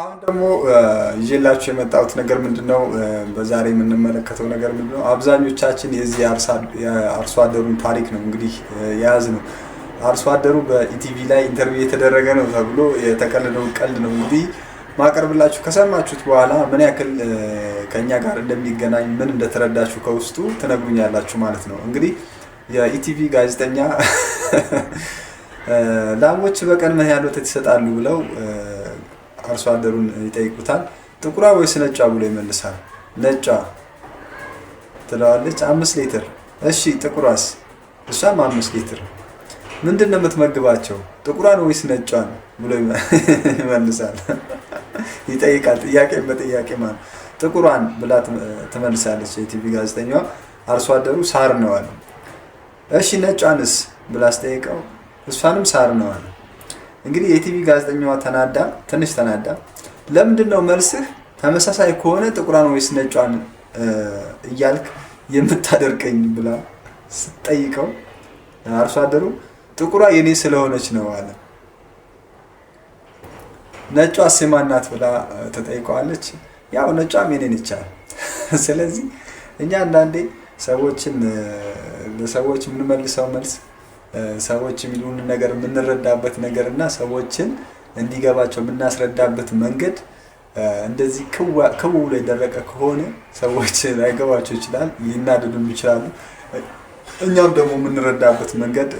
አሁን ደግሞ ይዤላችሁ የመጣሁት ነገር ምንድን ነው? በዛሬ የምንመለከተው ነገር ምንድን ነው? አብዛኞቻችን የዚህ አርሶ አደሩን ታሪክ ነው እንግዲህ የያዝ ነው። አርሶ አደሩ በኢቲቪ ላይ ኢንተርቪው የተደረገ ነው ተብሎ የተቀለደው ቀልድ ነው እንግዲህ ማቀርብላችሁ። ከሰማችሁት በኋላ ምን ያክል ከኛ ጋር እንደሚገናኝ ምን እንደተረዳችሁ ከውስጡ ትነግሩኛላችሁ ማለት ነው። እንግዲህ የኢቲቪ ጋዜጠኛ ላሞች በቀን ምን ያህል ወተት ይሰጣሉ ብለው አርሶ አደሩን ይጠይቁታል። ጥቁሯ ወይስ ነጯ ብሎ ይመልሳል። ነጯ ትለዋለች። አምስት ሊትር። እሺ ጥቁሯስ? እሷም አምስት ሊትር። ምንድን ነው የምትመግባቸው? ጥቁሯን ወይስ ነጯን ብሎ ይመልሳል። ይጠይቃል። ጥያቄ በጥያቄ ማለት ጥቁሯን ብላ ትመልሳለች የቲቪ ጋዜጠኛዋ። አርሶ አደሩ ሳር ነው አለ። እሺ ነጯንስ ብላ አስጠይቀው እሷንም ሳር ነው አለ። እንግዲህ የቲቪ ጋዜጠኛዋ ተናዳ ትንሽ ተናዳ ለምንድን ነው መልስህ ተመሳሳይ ከሆነ ጥቁሯን ወይስ ነጯን እያልክ የምታደርቀኝ ብላ ስትጠይቀው አርሶ አደሩ ጥቁሯ የኔ ስለሆነች ነው አለ። ነጯ ሴማናት ብላ ተጠይቀዋለች። ያው ነጯም የኔ ይቻል። ስለዚህ እኛ አንዳንዴ ሰዎችን ለሰዎች የምንመልሰው መልስ ሰዎች የሚሉን ነገር የምንረዳበት ነገር እና ሰዎችን እንዲገባቸው የምናስረዳበት መንገድ እንደዚህ ክውው ላይ የደረቀ ከሆነ ሰዎች ላይገባቸው ይችላል፣ ሊናደዱም ይችላሉ። እኛም ደግሞ የምንረዳበት መንገድ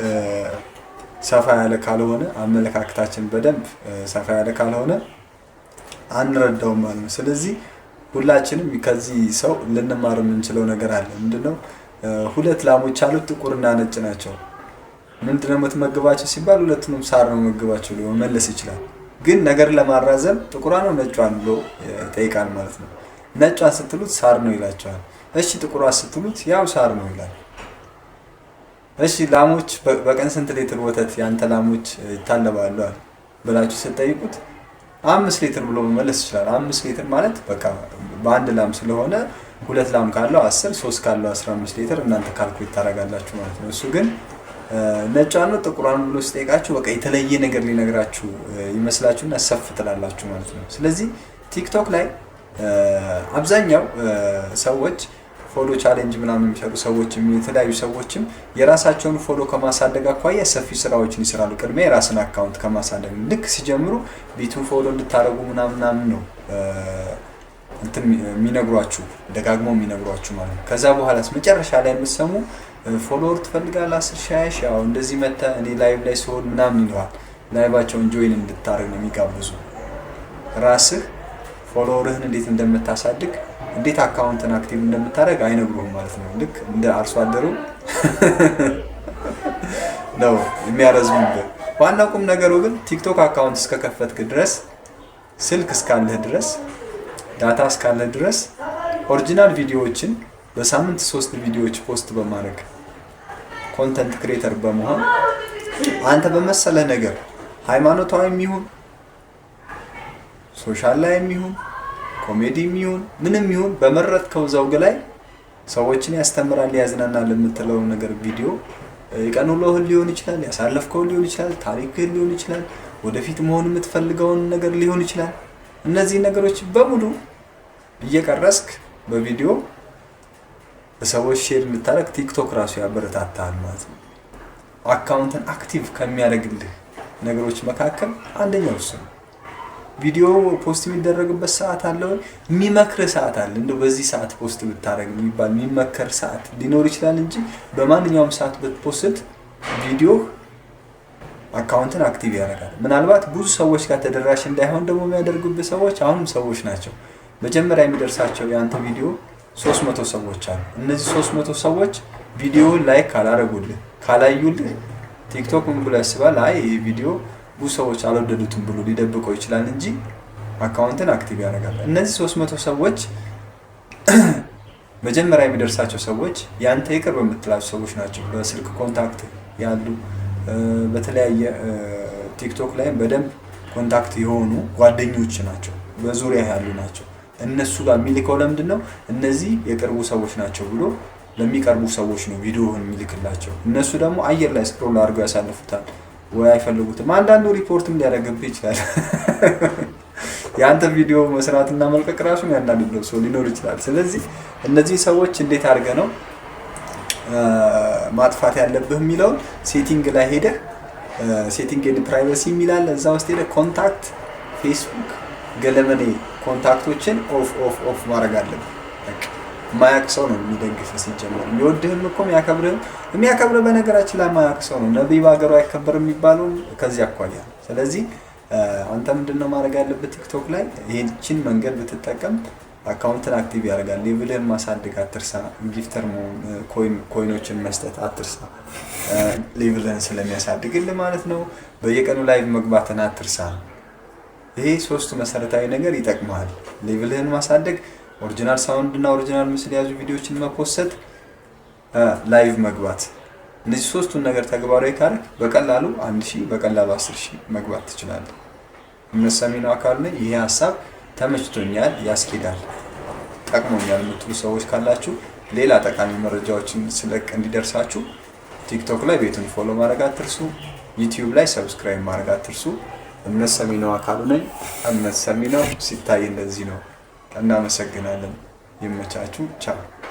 ሰፋ ያለ ካልሆነ አመለካከታችን በደንብ ሰፋ ያለ ካልሆነ አንረዳውም ማለት ነው። ስለዚህ ሁላችንም ከዚህ ሰው ልንማር የምንችለው ነገር አለ። ምንድነው? ሁለት ላሞች አሉት፣ ጥቁርና ነጭ ናቸው። ምንድን ነው የምትመግባቸው ሲባል ሁለቱንም ሳር ነው መግባቸው ብሎ መመለስ ይችላል። ግን ነገር ለማራዘም ጥቁሯ ነው ነጯን ብሎ ይጠይቃል ማለት ነው። ነጯን ስትሉት ሳር ነው ይላቸዋል። እሺ ጥቁሯ ስትሉት ያው ሳር ነው ይላል። እሺ ላሞች በቀን ስንት ሊትር ወተት ያንተ ላሞች ይታለባሉ ብላችሁ ስትጠይቁት አምስት ሊትር ብሎ መመለስ ይችላል። አምስት ሊትር ማለት በቃ በአንድ ላም ስለሆነ ሁለት ላም ካለው አስር ሶስት ካለው አስራ አምስት ሊትር እናንተ ካልኩ ይታረጋላችሁ ማለት ነው። እሱ ግን ነጯን ነው ጥቁሯን ብሎ ስጠይቃችሁ በቃ የተለየ ነገር ሊነግራችሁ ይመስላችሁና ሰፍ ትላላችሁ ማለት ነው። ስለዚህ ቲክቶክ ላይ አብዛኛው ሰዎች ፎሎ ቻሌንጅ ምናምን የሚሰሩ ሰዎችም የተለያዩ ሰዎችም የራሳቸውን ፎሎ ከማሳደግ አኳያ ሰፊ ስራዎችን ይስራሉ። ቅድሚያ የራስን አካውንት ከማሳደግ ልክ ሲጀምሩ ቢቱ ፎሎ እንድታደረጉ ምናምናምን ነው እንትን የሚነግሯችሁ ደጋግመው የሚነግሯችሁ ማለት ነው። ከዛ በኋላስ መጨረሻ ላይ የምትሰሙ ፎሎወር ትፈልጋለህ አስር ሻያሽ ያው እንደዚህ መተ እኔ ላይቭ ላይ ሲሆን ምናምን ይለዋል። ላይቫቸውን ጆይን እንድታደርግ ነው የሚጋብዙ። ራስህ ፎሎወርህን እንዴት እንደምታሳድግ እንዴት አካውንትን አክቲቭ እንደምታደርግ አይነግሩህም ማለት ነው። ልክ እንደ አርሶ አደሩ ነው የሚያረዝሙበት ዋናው ቁም ነገሩ ግን ቲክቶክ አካውንት እስከከፈትክ ድረስ ስልክ እስካለህ ድረስ ዳታ እስካለ ድረስ ኦሪጂናል ቪዲዮዎችን በሳምንት ሶስት ቪዲዮዎች ፖስት በማድረግ ኮንተንት ክሬተር በመሆን አንተ በመሰለ ነገር ሃይማኖታዊ የሚሆን ሶሻል ላይ የሚሆን ኮሜዲ የሚሆን ምንም ይሁን በመረጥከው ዘውግ ላይ ሰዎችን ያስተምራል፣ ያዝናናል የምትለው ነገር ቪዲዮ የቀን ውሎህን ሊሆን ይችላል፣ ያሳለፍከውን ሊሆን ይችላል፣ ታሪክህን ሊሆን ይችላል፣ ወደፊት መሆን የምትፈልገውን ነገር ሊሆን ይችላል። እነዚህ ነገሮች በሙሉ እየቀረስክ በቪዲዮ በሰዎች ሼር እንድታደርግ ቲክቶክ ራሱ ያበረታታል ማለት ነው። አካውንትን አክቲቭ ከሚያደርግልህ ነገሮች መካከል አንደኛው እሱ ነው። ቪዲዮ ፖስት የሚደረግበት ሰዓት አለ፣ የሚመክር ሰዓት አለ። እንደው በዚህ ሰዓት ፖስት ብታደርግ የሚባል የሚመከር ሰዓት ሊኖር ይችላል እንጂ በማንኛውም ሰዓት ብትፖስት ቪዲዮ አካውንትን አክቲቭ ያደርጋል። ምናልባት ብዙ ሰዎች ጋር ተደራሽ እንዳይሆን ደግሞ የሚያደርጉብህ ሰዎች አሁንም ሰዎች ናቸው። መጀመሪያ የሚደርሳቸው የአንተ ቪዲዮ 300 ሰዎች አሉ። እነዚህ 300 ሰዎች ቪዲዮውን ላይክ ካላረጉልህ ካላዩልህ ቲክቶክ ምን ብሎ ያስባል? አይ ይህ ቪዲዮ ብዙ ሰዎች አልወደዱትም ብሎ ሊደብቀው ይችላል እንጂ አካውንትን አክቲቭ ያደርጋል። እነዚህ 300 ሰዎች መጀመሪያ የሚደርሳቸው ሰዎች ያንተ የቅርብ የምትላቸው ሰዎች ናቸው። በስልክ ኮንታክት ያሉ በተለያየ ቲክቶክ ላይ በደንብ ኮንታክት የሆኑ ጓደኞች ናቸው፣ በዙሪያ ያሉ ናቸው። እነሱ ጋር የሚልከው ለምንድን ነው? እነዚህ የቅርቡ ሰዎች ናቸው ብሎ ለሚቀርቡ ሰዎች ነው ቪዲዮውን የሚልክላቸው። እነሱ ደግሞ አየር ላይ ስክሮል አድርገው ያሳልፉታል ወይ አይፈልጉትም። አንዳንዱ ሪፖርትም ሊያደርግብህ ይችላል። የአንተ ቪዲዮ መስራትና መልቀቅ ራሱ ያንዳንዱ ሰው ሊኖር ይችላል። ስለዚህ እነዚህ ሰዎች እንዴት አድርገ ነው ማጥፋት ያለብህ የሚለውን ሴቲንግ ላይ ሄደህ ሴቲንግ ኤንድ ፕራይቬሲ የሚላል እዛ ውስጥ ሄደህ ኮንታክት ፌስቡክ ገለመኔ ኮንታክቶችን ኦፍ ኦፍ ኦፍ ማድረግ አለብህ። ማያቅ ሰው ነው የሚደግፍ ሲጀመር የሚወድህም እኮ የሚያከብርህም የሚያከብርህ በነገራችን ላይ ማያቅ ሰው ነው። ነቢይ በሀገሩ አይከበር የሚባለው ከዚህ አኳያ። ስለዚህ አንተ ምንድነው ማድረግ ያለብህ? ቲክቶክ ላይ ይህችን መንገድ ብትጠቀም አካውንትን አክቲቭ ያደርጋል። ሌቭልህን ማሳደግ አትርሳ። ጊፍተር መሆን ኮይኖችን መስጠት አትርሳ። ሌቭልህን ስለሚያሳድግል ማለት ነው። በየቀኑ ላይቭ መግባትን አትርሳ። ይሄ ሶስቱ መሰረታዊ ነገር ይጠቅመሃል። ሌቭልህን ማሳደግ፣ ኦሪጂናል ሳውንድ እና ኦሪጂናል ምስል የያዙ ቪዲዮዎችን መፖሰት፣ ላይቭ መግባት። እነዚህ ሶስቱን ነገር ተግባራዊ ካረግ በቀላሉ አንድ ሺህ በቀላሉ አስር ሺህ መግባት ትችላለህ። እምነት ሰሚ ነው አካል ነኝ። ይሄ ሀሳብ ተመችቶኛል፣ ያስኬዳል፣ ጠቅሞኛል የምትሉ ሰዎች ካላችሁ ሌላ ጠቃሚ መረጃዎችን ስለቅ እንዲደርሳችሁ ቲክቶክ ላይ ቤቱን ፎሎ ማድረግ አትርሱ። ዩቲዩብ ላይ ሰብስክራይብ ማድረግ አትርሱ። እምነት ሰሚ ነው አካሉ ነኝ። እምነት ሰሚ ነው ሲታይ እንደዚህ ነው። እናመሰግናለን። ይመቻችሁ። ቻው